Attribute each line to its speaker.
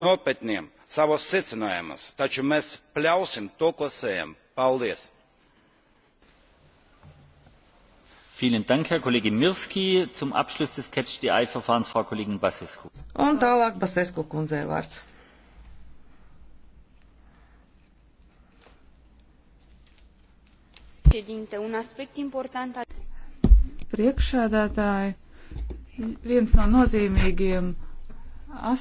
Speaker 1: nopietniem savos secinājumus, taču mēs pļausim to, ko sējam. Paldies!
Speaker 2: Vielen Dank, Herr Kollege Mirski. Zum Abschluss des Catch the Eye Verfahrens Frau Kollegin Basescu.
Speaker 3: Un tālāk Basescu kundzei vārds.
Speaker 4: un aspect important al...
Speaker 5: Priekšsēdētāji,
Speaker 6: viens no nozīmīgiem